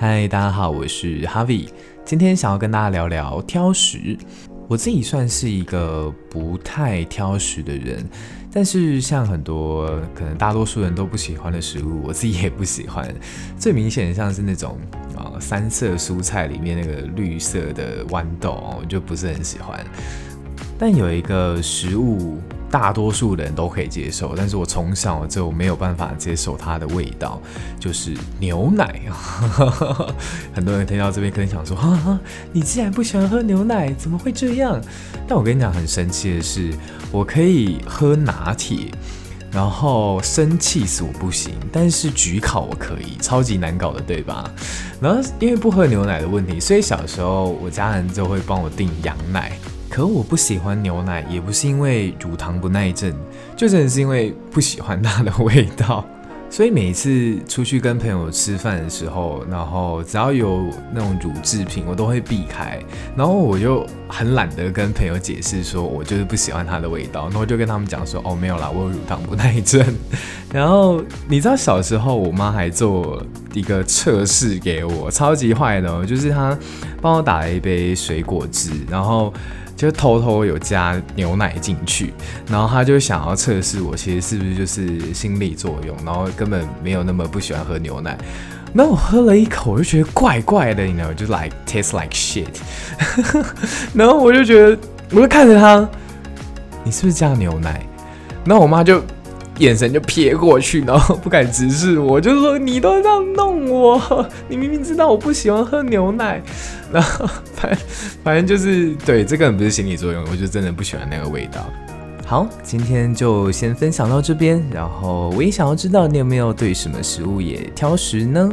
嗨，Hi, 大家好，我是 Harvie。今天想要跟大家聊聊挑食。我自己算是一個不太挑食的人，但是像很多可能大多數人都不喜歡的食物，我自己也不喜歡。最明顯像是那種啊、哦，三色蔬菜裡面那個綠色的豌豆，我就不是很喜歡。但有一個食物，大多數人都可以接受，但是我從小就沒有辦法接受它的味道，就是牛奶。 很多人聽到這邊可能想說：啊，你既然不喜歡喝牛奶，怎麼會這樣？但我跟你講，很神奇的是，我可以喝拿鐵，然後生起司我不行，但是焗烤我可以，超級難搞的，對吧？然後因為不喝牛奶的問題，所以小時候我家人就會幫我訂羊奶。可我不喜歡牛奶，也不是因為乳糖不耐症，就真的是因為不喜歡它的味道。所以每一次出去跟朋友吃飯的時候，然後只要有那種乳製品，我都會避開。然後我就很懶得跟朋友解釋，說我就是不喜歡它的味道。然後我就跟他們講說，哦，沒有啦，我有乳糖不耐症。然後你知道小時候我媽還做。一個測試給我超級壞的哦，就是他幫我打了一杯水果汁，然後就偷偷有加牛奶進去，然後他就想要測試我其實是不是就是心理作用，然後根本沒有那麼不喜歡喝牛奶。那我喝了一口我就覺得怪怪的，你知道嗎？就 like taste like shit。 然後我就覺得，我就看着他，你是不是加了牛奶？那我媽就。眼神就瞥過去，然後不敢直視我，就是說你都在這樣弄我，你明明知道我不喜歡喝牛奶，然後反正反正，就是對這個很不是心理作用，我就真的不喜歡那個味道。好，今天就先分享到這邊，然後我也想要知道你有沒有對什麼食物也挑食呢？